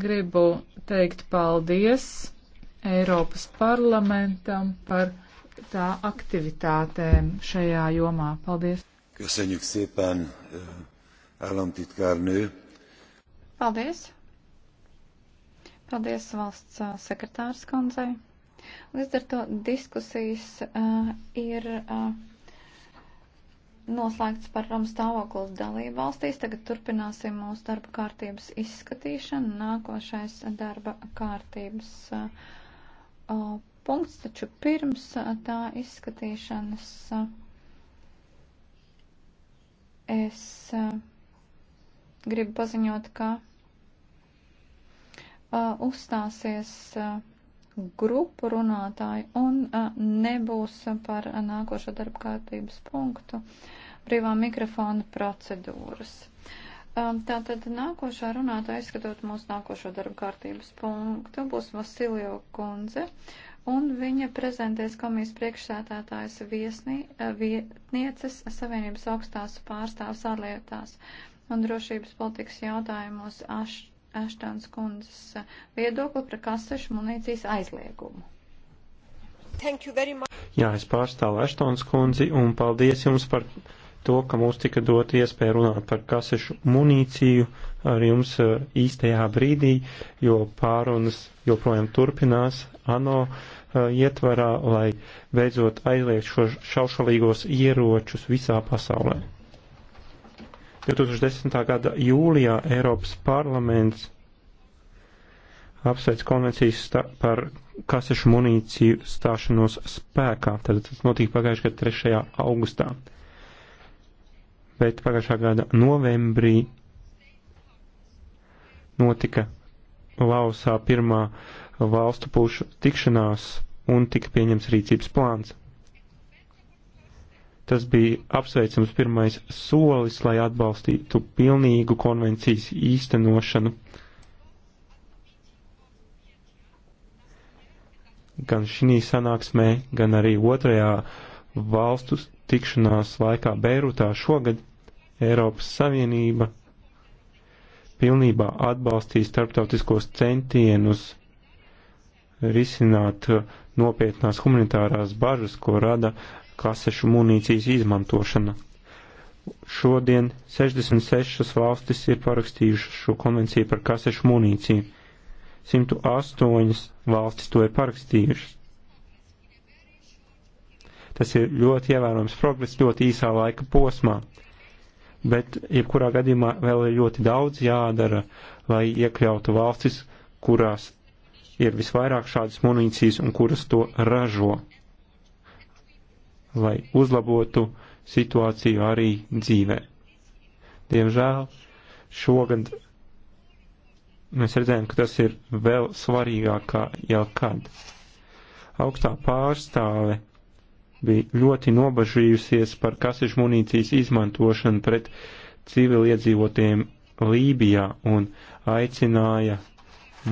Gribu teikt paldies Eiropas parlamentam par tā aktivitātēm šajā jomā. Paldies! Köszönjük szépen, eh, államtitkárnő! Paldies! Paldies valsts eh, sekretārs kundzei! Līdz ar to diskusijas uh, ir. Uh, noslēgts par RAM stāvokli dalību valstīs. Tagad turpināsim mūsu darba kārtības izskatīšanu. Nākošais darba kārtības uh, uh punkts, taču pirms uh, tā izskatīšanas uh, es uh, gribu paziņot, ka uh, uzstāsies grupu runātāji un nebūs par nākošo darba kārtības punktu brīvā mikrofona procedūras. Tātad nākošā runātāja, izskatot mūsu nākošo darba kārtības punktu, būs Vasiljo Kunze, un viņa prezentēs komijas priekšsētātājas viesnī, vietnieces Savienības augstās pārstāvs ārlietās un drošības politikas jautājumos Ašķi. Ashtāns kundzes viedokli par kastešu munīcijas aizliegumu. Jā, es pārstāvu Ashtāns kundzi un paldies jums par to, ka mums tika dot iespēja runāt par kasešu munīciju ar jums eh, īstajā brīdī, jo pārunas joprojām turpinās ANO eh, ietvarā, lai beidzot aizliegt šo šaušalīgos ieročus visā pasaulē. 2010. gada jūlijā Eiropas parlaments apsveic konvencijas par kasešu munīciju stāšanos spēkā. Tad tas notika pagājušajā gada 3. augustā. Bet pagājušā gada novembrī notika Lausā pirmā valstu pušu tikšanās un tika pieņems rīcības plāns. Tas bija apsveicams pirmais solis, lai atbalstītu pilnīgu konvencijas īstenošanu. Gan šī sanāksmē, gan arī otrajā valstu tikšanās laikā Beirutā šogad Eiropas Savienība pilnībā atbalstīs starptautiskos centienus risināt nopietnās humanitārās bažas, ko rada kasešu munīcijas izmantošana. Šodien 66 valstis ir parakstījušas šo konvenciju par kasešu munīciju. 108 valstis to ir parakstījušas. Tas ir ļoti ievērojams progress ļoti īsā laika posmā, bet jebkurā gadījumā vēl ir ļoti daudz jādara, lai iekļautu valstis, kurās ir visvairāk šādas munīcijas un kuras to ražo lai uzlabotu situāciju arī dzīvē. Diemžēl šogad mēs redzējām, ka tas ir vēl svarīgāk kā jebkad. Augstā pārstāve bija ļoti nobažījusies par kasišu munīcijas izmantošanu pret civiliedzīvotiem Lībijā un aicināja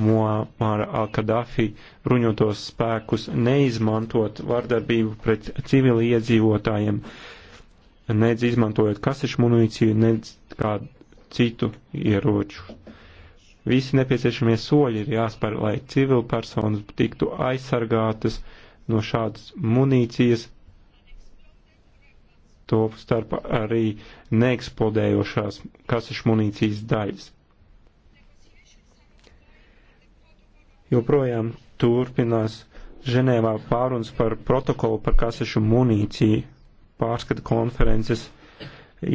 Muamara al-Kadafi bruņotos spēkus neizmantot vardarbību pret civili iedzīvotājiem, nedz izmantojot kasišu munīciju, nedz kādu citu ieroču. Visi nepieciešamie soļi ir jāspēr, lai civilpersonas tiktu aizsargātas no šādas munīcijas, to starp arī neeksplodējošās kasešu munīcijas daļas. joprojām turpinās Ženēvā pārunas par protokolu par kasešu munīciju pārskata konferences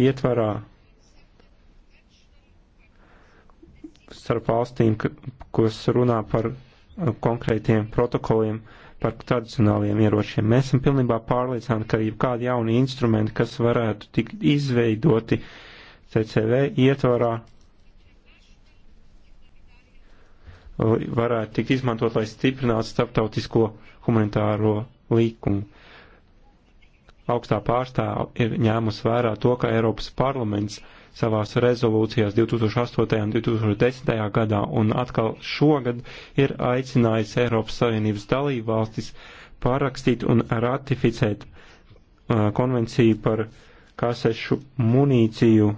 ietvarā starp valstīm, kas runā par uh, konkrētiem protokoliem par tradicionāliem ieročiem. Mēs esam pilnībā pārliecināti, ka jebkādi jauni instrumenti, kas varētu tikt izveidoti CCV ietvarā, varētu tikt izmantot, lai stiprinātu starptautisko humanitāro līkumu. Augstā pārstāv ir ņēmus vērā to, ka Eiropas parlaments savās rezolūcijās 2008. un 2010. gadā un atkal šogad ir aicinājis Eiropas Savienības dalību valstis pārakstīt un ratificēt uh, konvenciju par kasešu munīciju,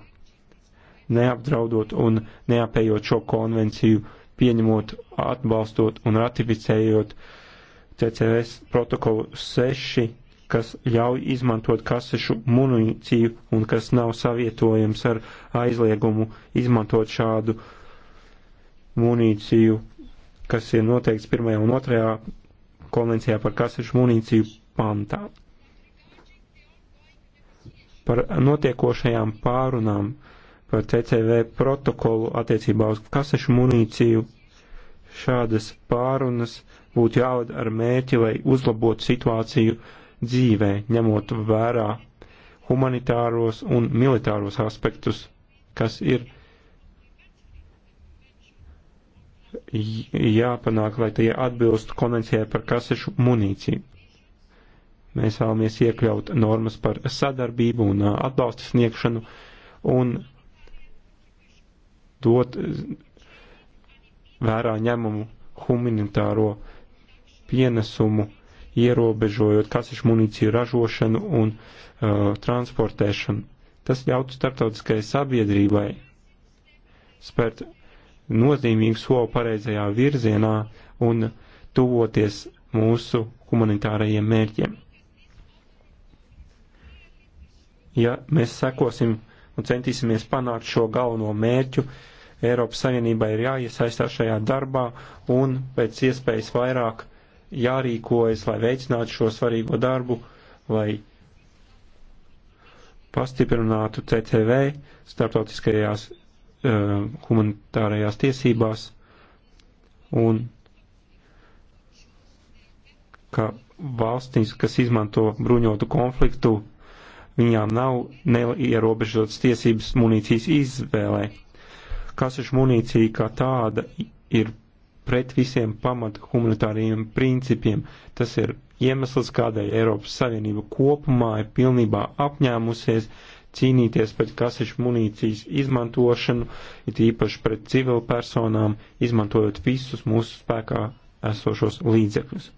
neapdraudot un neapējot šo konvenciju uh, pieņemot, atbalstot un ratificējot CCS protokolu 6, kas ļauj izmantot kasešu munīciju un kas nav savietojams ar aizliegumu izmantot šādu munīciju, kas ir noteikts pirmajā un otrajā konvencijā par kasešu munīciju pantā. Par notiekošajām pārunām uh, par CCV protokolu attiecībā uz kasešu munīciju. Šādas pārunas būtu jāvada ar mērķi, lai uzlabotu situāciju dzīvē, ņemot vērā humanitāros un militāros aspektus, kas ir jāpanāk, lai tie atbilstu konvencijai par kasešu munīciju. Mēs vēlamies iekļaut normas par sadarbību un atbalsta sniegšanu un dot eh, vērā ņemumu humanitāro pienesumu, ierobežojot kasešu munīciju ražošanu un uh, transportēšanu. Tas ļautu starptautiskajai sabiedrībai spērt nozīmīgu soli pareizajā virzienā un tuvoties mūsu humanitārajiem mērķiem. Ja mēs sekosim un centīsimies panākt šo galveno mērķu. Eiropas Savienībai ir jāiesaistās šajā darbā un pēc iespējas vairāk jārīkojas, lai veicinātu šo svarīgo darbu, lai pastiprinātu CCV starptautiskajās uh, humanitārajās tiesībās un ka valstīs, kas izmanto bruņotu konfliktu Viņām nav neierobežotas tiesības munīcijas izvēlē. Kasešu munīcija kā tāda ir pret visiem pamat humanitāriem principiem. Tas ir iemesls, kādēļ Eiropas Savienība kopumā ir pilnībā apņēmusies cīnīties pret kasešu munīcijas izmantošanu, it īpaši pret civilpersonām, izmantojot visus mūsu spēkā esošos līdzekļus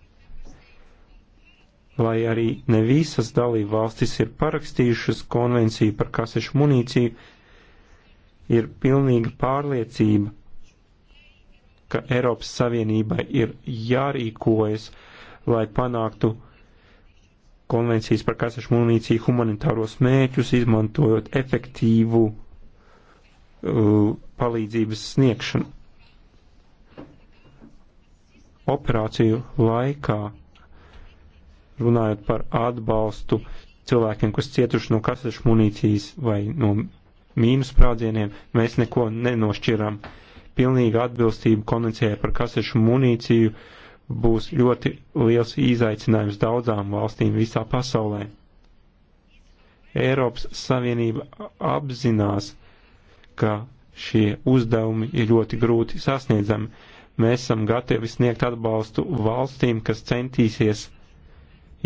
lai arī ne visas dalība valstis ir parakstījušas konvenciju par kasešu munīciju, ir pilnīga pārliecība, ka Eiropas Savienībai ir jārīkojas, lai panāktu konvencijas par kasešu munīciju humanitāros mēķus, izmantojot efektīvu uh, palīdzības sniegšanu. Operāciju laikā runājot par atbalstu cilvēkiem, kas cietuši no kasešu munīcijas vai no mīnu sprādzieniem, mēs neko nenošķiram. Pilnīga atbilstība konvencijai par kasešu munīciju būs ļoti liels izaicinājums daudzām valstīm visā pasaulē. Eiropas Savienība apzinās, ka šie uzdevumi ir ļoti grūti sasniedzami. Mēs esam gatavi sniegt atbalstu valstīm, kas centīsies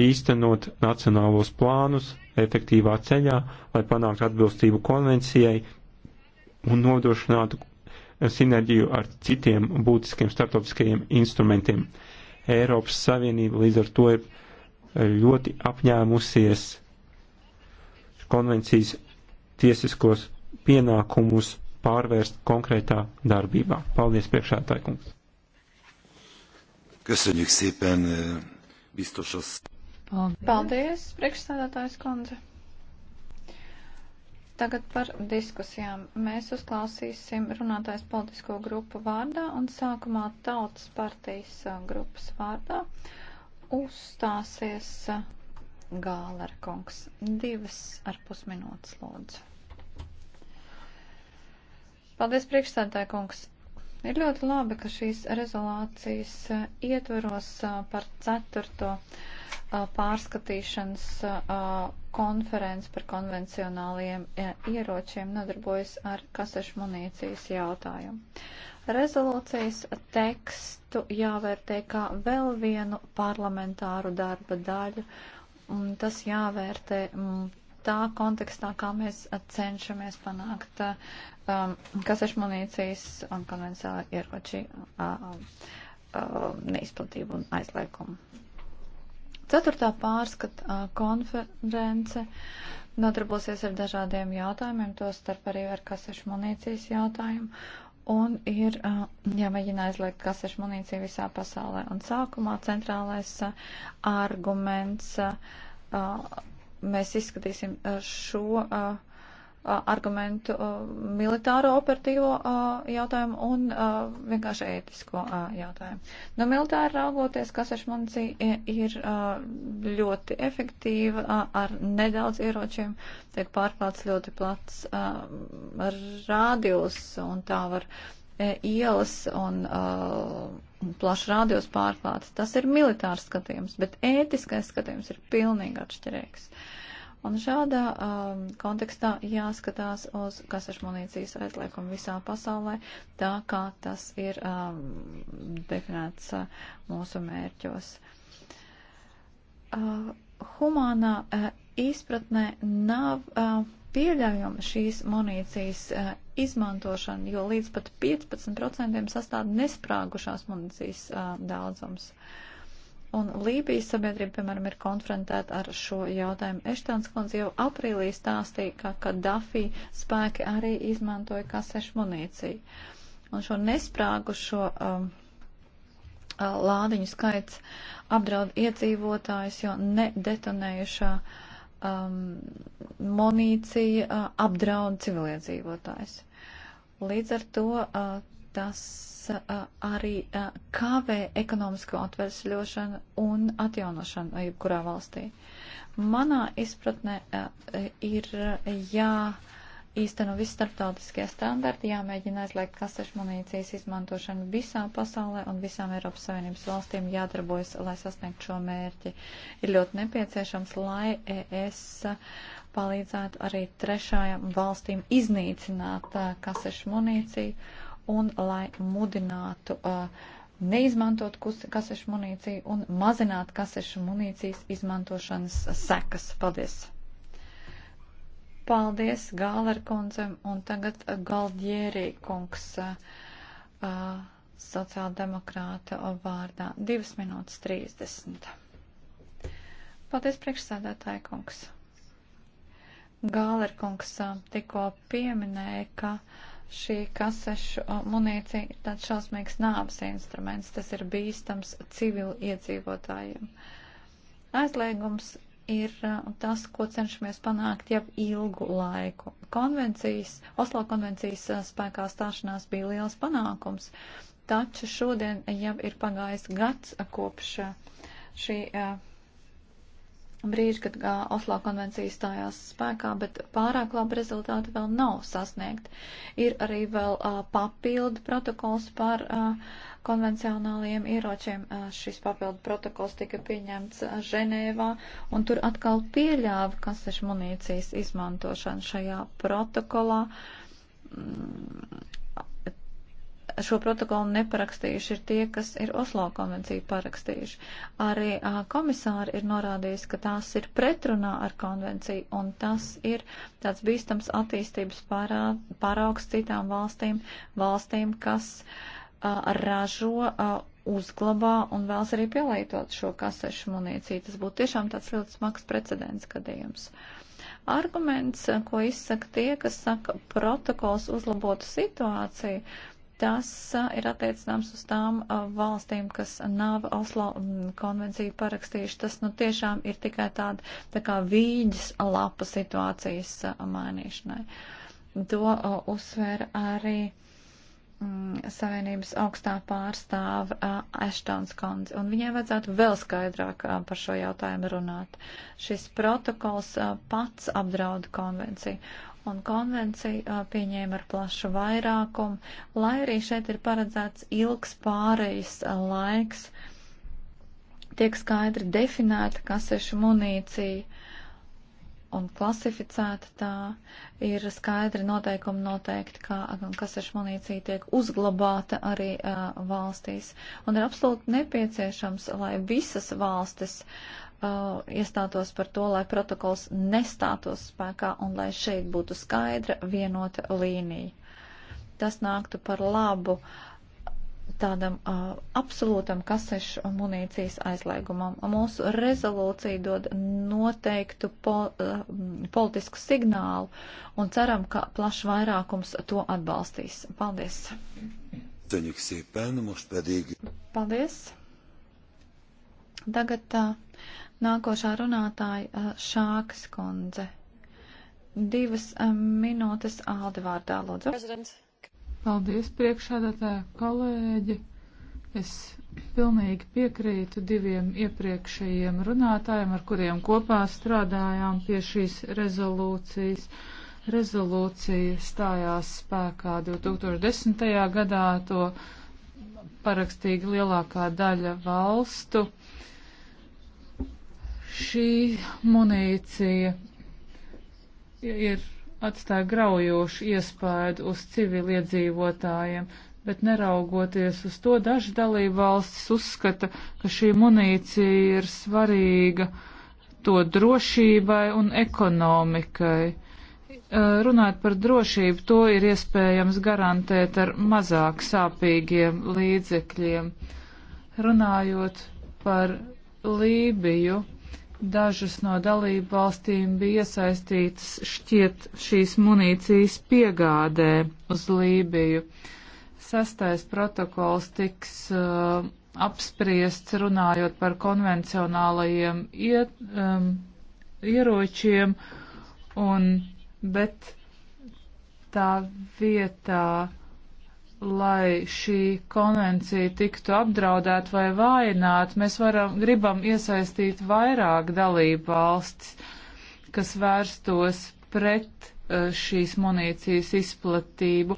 īstenot nacionālos plānus efektīvā ceļā, lai panāktu atbilstību konvencijai un nodrošinātu sinerģiju ar citiem būtiskiem starptautiskajiem instrumentiem. Eiropas Savienība līdz ar to ir ļoti apņēmusies konvencijas tiesiskos pienākumus pārvērst konkrētā darbībā. Paldies, priekšētāji kungs! Köszönjük szépen, biztos asszony! Paldies, Paldies priekšstādātājs kundze. Tagad par diskusijām. Mēs uzklausīsim runātājs politisko grupu vārdā un sākumā tautas partijas grupas vārdā uzstāsies Gālera kungs. Divas ar pusminūtes lūdzu. Paldies, priekšstādātāja kungs. Ir ļoti labi, ka šīs rezolācijas eh, ietveros eh, par ceturto eh, pārskatīšanas konferenci par konvencionāliem ieročiem nodarbojas ar kasešu munīcijas jautājumu. Rezolūcijas tekstu jāvērtē kā vēl vienu parlamentāru darba daļu, un tas jāvērtē mm, tā kontekstā, kā mēs cenšamies panākt um, kasešmunīcijas un konvencionāla ieroči uh, uh, neizplatību un aizliekumu. Ceturtā pārskata uh, konference nodarbosies ar dažādiem jautājumiem, to starp arī ar kasešu munīcijas jautājumu. Un ir uh, jāmēģina aizliegt kasešu munīciju visā pasaulē. Un sākumā centrālais uh, arguments. Uh, mēs izskatīsim šo argumentu militāro operatīvo jautājumu un vienkārši ētisko jautājumu. No militāra raugoties, Kasešmancija ir ļoti efektīva ar nedaudz ieročiem, tiek pārklāts ļoti plats rādījus un tā var ielas un plašs rādios pārklāts. Tas ir militārs skatījums, bet ētiskais skatījums ir pilnīgi atšķirīgs. Un šādā um, kontekstā jāskatās uz kasašu munīcijas aizliekumu visā pasaulē, tā kā tas ir um, definēts uh, mūsu mērķos. Uh, humānā uh, izpratnē nav uh, pieļaujama šīs munīcijas uh, izmantošanu, jo līdz pat 15% sastāv nesprāgušās munīcijas uh, daudzums. Un Lībijas sabiedrība, piemēram, ir konfrontēta ar šo jautājumu. Eštāns kundze jau aprīlī stāstīja, ka Kadafi spēki arī izmantoja kasešu munīciju. Un šo nesprāgušo um, lādiņu skaits apdraud iedzīvotājus, jo nedetonējušā um, munīcija uh, apdraud civiliedzīvotājus. Līdz ar to tas arī kavē ekonomisko atversļošanu un atjaunošanu jebkurā valstī. Manā izpratnē ir jā. Īsteno visi starptautiskie standarti, jāmēģina aizliegt kasešu munīcijas izmantošanu visā pasaulē un visām Eiropas Savienības valstīm jādarbojas, lai sasniegtu šo mērķi. Ir ļoti nepieciešams, lai ES uh, palīdzētu arī trešajām valstīm iznīcināt uh, kasešu munīciju un lai mudinātu uh, neizmantot kasešu munīciju un mazināt kasešu munīcijas izmantošanas sekas. Paldies! Paldies Gāler kundzem un tagad Galdjērī kungs uh, sociāldemokrāta vārdā. 2 minūtes 30. Paldies priekšsēdētāji kungs! Gālerkungs tikko pieminēja, ka šī kasešu munīcija ir tāds šausmīgs nāves instruments, tas ir bīstams civili iedzīvotājiem. Aizliegums ir tas, ko cenšamies panākt jau ilgu laiku. Konvencijas, Oslo konvencijas spēkā stāšanās bija liels panākums, taču šodien jau ir pagājis gads kopš šī. Uh, brīži, kad Oslo konvencija stājās spēkā, bet pārāk labi rezultāti vēl nav sasniegt. Ir arī vēl uh, papildu protokols par uh, konvencionālajiem ieročiem. Uh, šis papildu protokols tika pieņemts uh, Ženēvā, un tur atkal pieļāva kastešu munīcijas izmantošanu šajā protokolā. Mm, šo protokolu neparakstījuši, ir tie, kas ir Oslo konvenciju parakstījuši. Arī uh, komisāri ir norādījusi, ka tās ir pretrunā ar konvenciju, un tas ir tāds bīstams attīstības pārā, pāraugs citām valstīm, valstīm, kas uh, ražo. Uh, uzglabā un vēlas arī pielietot šo kasešu munīciju. Tas būtu tiešām tāds ļoti smags precedents gadījums. Arguments, ko izsaka tie, kas saka, protokols uzlabotu situāciju, Tas ir attiecināms uz tām valstīm, kas nav Oslo konvenciju parakstījuši. Tas nu tiešām ir tikai tāda tā kā vīģis lapa situācijas mainīšanai. To uzsver arī mm, Savienības augstā pārstāve Ashtons Kondze, un viņai vajadzētu vēl skaidrāk a, par šo jautājumu runāt. Šis protokols a, pats apdraud konvenciju, un konvenciju pieņēma ar plašu vairākumu, lai arī šeit ir paredzēts ilgs pārejas laiks. Tiek skaidri definēta kasešu munīcija un klasificēta tā, ir skaidri noteikumi noteikti, kā kasešu munīcija tiek uzglabāta arī uh, valstīs. Un ir absolūti nepieciešams, lai visas valstis uh, uh, iestātos par to, lai protokols nestātos spēkā un lai šeit būtu skaidra vienota līnija. Tas nāktu par labu tādam uh, absolūtam kasešu un munīcijas aizliegumam. Mūsu rezolūcija dod noteiktu po, uh, politisku signālu un ceram, ka plašs vairākums to atbalstīs. Paldies! Paldies! Tagad uh, nākošā runātāja uh, Šākas kundze. Divas uh, minūtes Aldi vārdā, lūdzu. President. Paldies, priekšādātāja kolēģi. Es pilnīgi piekrītu diviem iepriekšējiem runātājiem, ar kuriem kopā strādājām pie šīs rezolūcijas. Rezolūcija stājās spēkā 2010. gadā, to parakstīgi lielākā daļa valstu. Šī munīcija ir atstāja graujošu iespēju uz civiliedzīvotājiem, bet neraugoties uz to, daži dalībvalstis uzskata, ka šī munīcija ir svarīga to drošībai un ekonomikai. Runāt par drošību to ir iespējams garantēt ar mazāk sāpīgiem līdzekļiem. Runājot par Lībiju, Dažas no dalību valstīm bija iesaistītas šķiet šīs munīcijas piegādē uz Lībiju. Sastais protokols tiks uh, apspriests runājot par konvencionālajiem iet, um, ieročiem, un, bet tā vietā lai šī konvencija tiktu apdraudēta vai vājināta, mēs varam, gribam iesaistīt vairāk dalību valsts, kas vērstos pret eh, šīs munīcijas izplatību,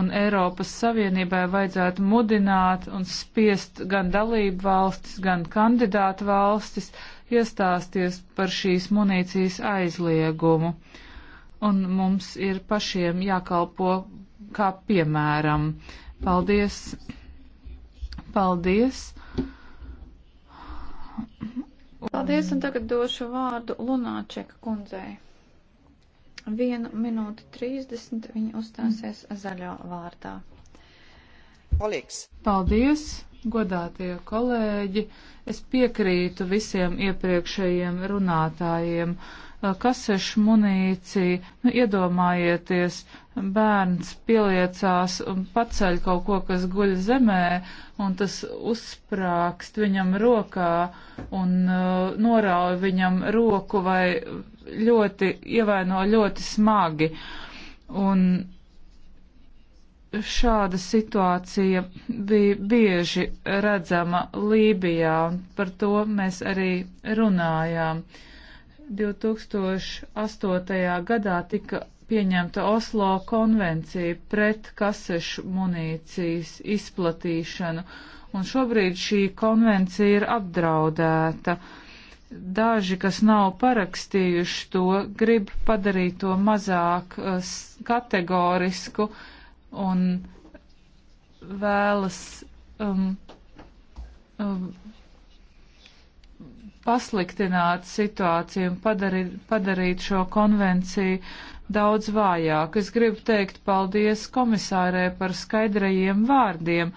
un Eiropas Savienībai vajadzētu mudināt un spiest gan dalību valstis, gan kandidātu valstis iestāsties par šīs munīcijas aizliegumu. Un mums ir pašiem jākalpo kā piemēram. Paldies! Paldies! Paldies, un tagad došu vārdu Lunāčeka kundzei. Vienu minūti trīsdesmit viņa uzstāsies zaļo vārdā. Paldies! Paldies, godātie kolēģi! Es piekrītu visiem iepriekšējiem runātājiem kasešu munīciju. Nu, iedomājieties, bērns pieliecās un paceļ kaut ko, kas guļ zemē, un tas uzsprākst viņam rokā un uh, norauj viņam roku vai ļoti ievaino ļoti smagi. Un šāda situācija bija bieži redzama Lībijā, un par to mēs arī runājām. Uh, 2008. gadā tika pieņemta Oslo konvencija pret kasešu munīcijas izplatīšanu, un šobrīd šī konvencija ir apdraudēta. Daži, kas nav parakstījuši to, grib padarīt to mazāk uh, kategorisku un vēlas um, um, pasliktināt situāciju un padarīt, padarīt šo konvenciju daudz vājāku. Es gribu teikt paldies komisārē par skaidrajiem vārdiem,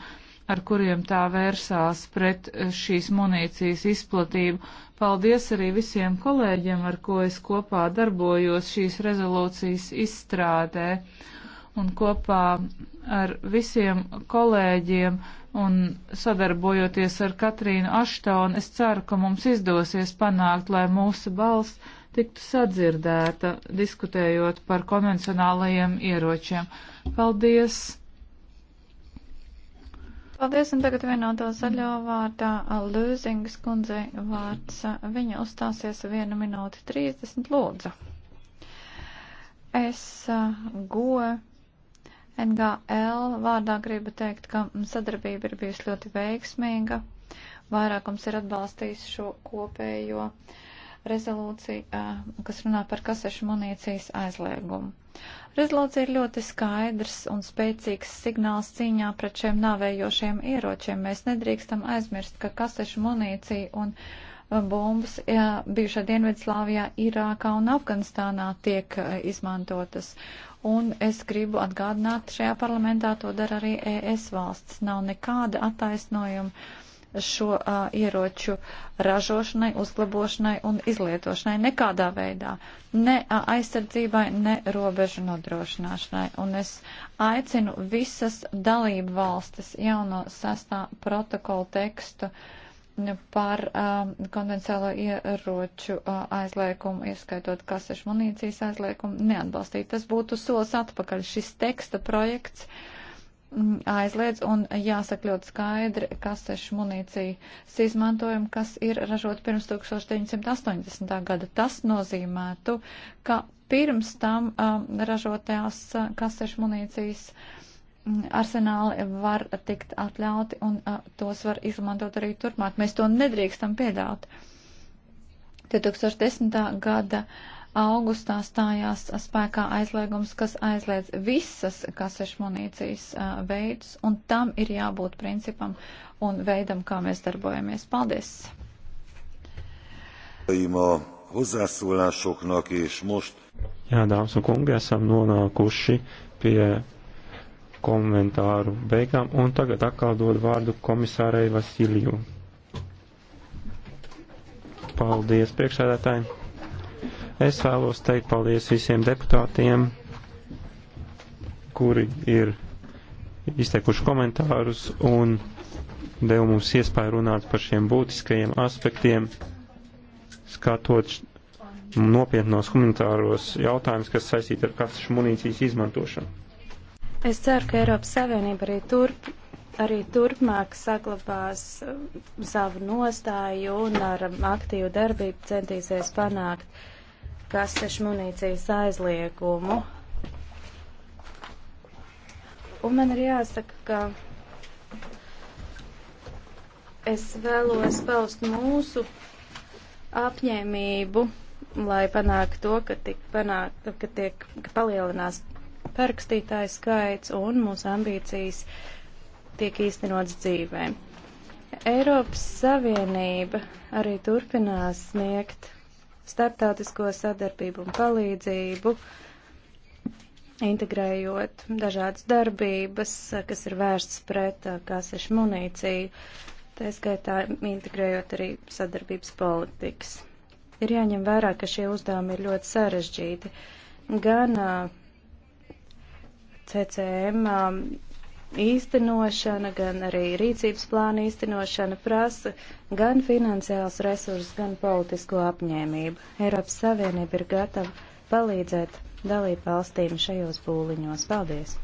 ar kuriem tā vērsās pret eh, šīs munīcijas izplatību. Paldies arī visiem kolēģiem, ar ko es kopā darbojos šīs rezolūcijas izstrādē un kopā ar visiem kolēģiem un sadarbojoties ar Katrīnu Aštonu, es ceru, ka mums izdosies panākt, lai mūsu balss tiktu sadzirdēta, diskutējot par konvencionālajiem ieročiem. Paldies! Paldies, un tagad vienotā zaļo vārdā Lūzingas kundzei vārds. Viņa uzstāsies 1 minūti 30 lūdzu. Es uh, go NGL vārdā gribu teikt, ka sadarbība ir bijusi ļoti veiksmīga. Vairākums ir atbalstījis šo kopējo rezolūciju, eh, kas runā par kasešu munīcijas aizliegumu. Rezolūcija ir ļoti skaidrs un spēcīgs signāls cīņā pret šiem nāvējošiem ieročiem. Mēs nedrīkstam aizmirst, ka kasešu munīcija un eh, bombas eh, bijušā Dienvidslāvijā, Irākā un Afganistānā tiek izmantotas. Un es gribu atgādināt, šajā parlamentā to dara arī ES valsts. Nav nekāda attaisnojuma šo uh, ieroču ražošanai, uzglabošanai un izlietošanai nekādā veidā. Ne uh, aizsardzībai, ne robežu nodrošināšanai. Un es aicinu visas dalību valstis jauno sastā protokola tekstu uh, par uh, konvencionālo ieroču uh, aizliekumu, ieskaitot kasešu munīcijas aizliekumu, neatbalstīt. Tas būtu solis atpakaļ. Šis teksta projekts mm, aizliedz un jāsaka ļoti skaidri kasešu munīcijas izmantojumu, kas ir ražot pirms 1980. gada. Tas nozīmētu, ka pirms tam um, ražotās uh, kasešu munīcijas uh, arsenāli var tikt atļauti un uh, tos var izmantot arī turpmāk. Mēs to nedrīkstam pieļaut. 2010. gada augustā stājās spēkā aizliegums, kas aizliedz visas kasešu munīcijas uh, veidus, un tam ir jābūt principam un veidam, kā mēs darbojamies. Paldies! A hozzászólásoknak, és most... Jā, dāmas un kungi, esam nonākuši pie komentāru beigām, un tagad atkal dod vārdu komisārai Vasiliju. Paldies priekšsēdētājiem. Es vēlos teikt paldies visiem deputātiem, kuri ir izteikuši komentārus un deva mums iespēju runāt par šiem būtiskajiem aspektiem, skatot nopietnos humanitāros jautājumus, kas saistīti ar kastešu munīcijas izmantošanu. Es ceru, ka Eiropas Savienība arī, turp, arī turpmāk saglabās um, savu nostāju un ar um, aktīvu darbību centīsies panākt kastešu munīcijas aizliegumu. Un man ir jāsaka, ka es vēlos paust mūsu apņēmību, lai panāktu to, ka, tik panāk, ka, tiek, ka palielinās parakstītāju skaits un mūsu ambīcijas tiek īstenots dzīvē. Eiropas Savienība arī turpinās sniegt starptautisko sadarbību un palīdzību, integrējot dažādas darbības, kas ir vērsts pret kasešu munīciju, tā skaitā integrējot arī sadarbības politikas. Ir jāņem vērā, ka šie uzdevumi ir ļoti sarežģīti gan uh, CCM um, īstenošana, gan arī rīcības plāna īstenošana prasa gan finansiāls resursus, gan politisko apņēmību. Eiropas Savienība ir gatava palīdzēt dalību valstīm šajos būliņos. Paldies!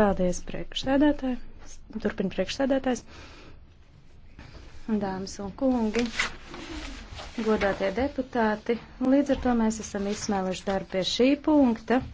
Paldies, priekšsēdētāji! Turpin priekšsēdētājs! Dāmas un kungi! godātie deputāti. Līdz ar to mēs esam izsmēluši darbu pie šī punkta.